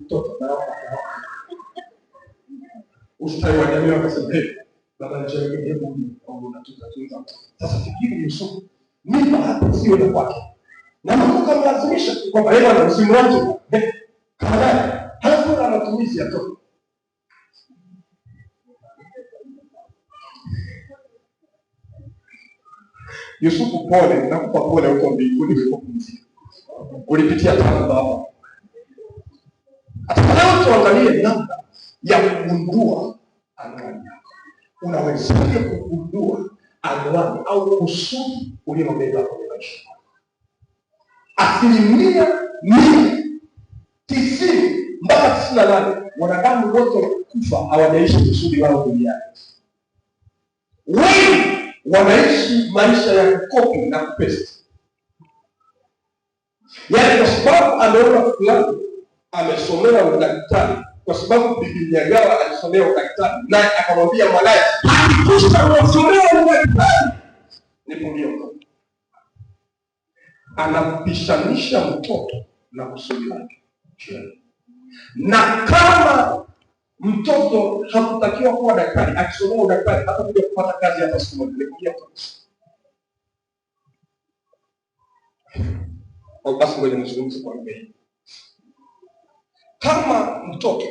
mtoto naona ustawi wa jamii wakasema baba Sasa fikiri Yusufu mimba hapo sio ya kwake, na Mungu kamlazimisha kwamba yeye ana msimu wake kadhaa, halafu matumizi ya toka Yusufu, pole, nakupa pole huko mbinguni ulipopumzika, ulipitia tabu baba tuangalie namna ya kugundua anwani yako. Unawezaje kugundua anwani au kusudi uliyobeba kwenye maisha? Asilimia mia tisini mpaka tisini na nane wanadamu wote wakufa hawajaishi kusudi wao duniani. Wengi wanaishi maisha ya kukopi na kupesti, yaani kwa sababu ameona fulani amesomea udaktari, kwa sababu Bibi Nyagawa alisomea udaktari, naye akamwambia mwanaye, hakikisha umesomea udaktari. Ni polio. Anapishanisha mtoto na kusudi wake na kama mtoto hakutakiwa kuwa daktari, akisomea udaktari hata kuja kupata kazi hata siku moja imekuja kabisa. Au basi, ngoja nizungumze kwa mbele kama mtoto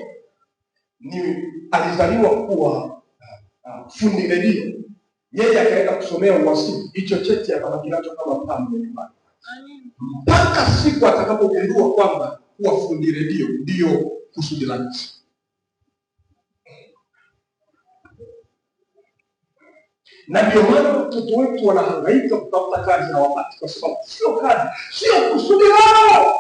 ni alizaliwa kuwa uh, uh, fundi redio, yeye akaenda kusomea uwasili, hicho cheti akabaki nacho kama pambo nyumbani, mpaka siku atakapogundua kwamba kuwa fundi redio ndio kusudi la nchi. na ndio maana watoto wetu wanahangaika kutafuta kazi na wapati, kwa sababu sio kazi, sio kusudi lao.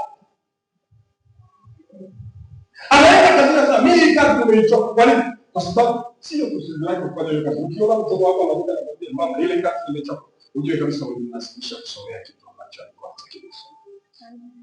Anaweka kazini sasa, mimi kazi nimeichoka. Kwa nini? Kwa sababu sio kusudi lake kufanya hiyo kazi. Ukiona mtoto wako anakuja na kumwambia mama, ile kazi nimechoka, ujue kabisa unamlazimisha kusomea kitu ambacho alikuwa hatakisoma.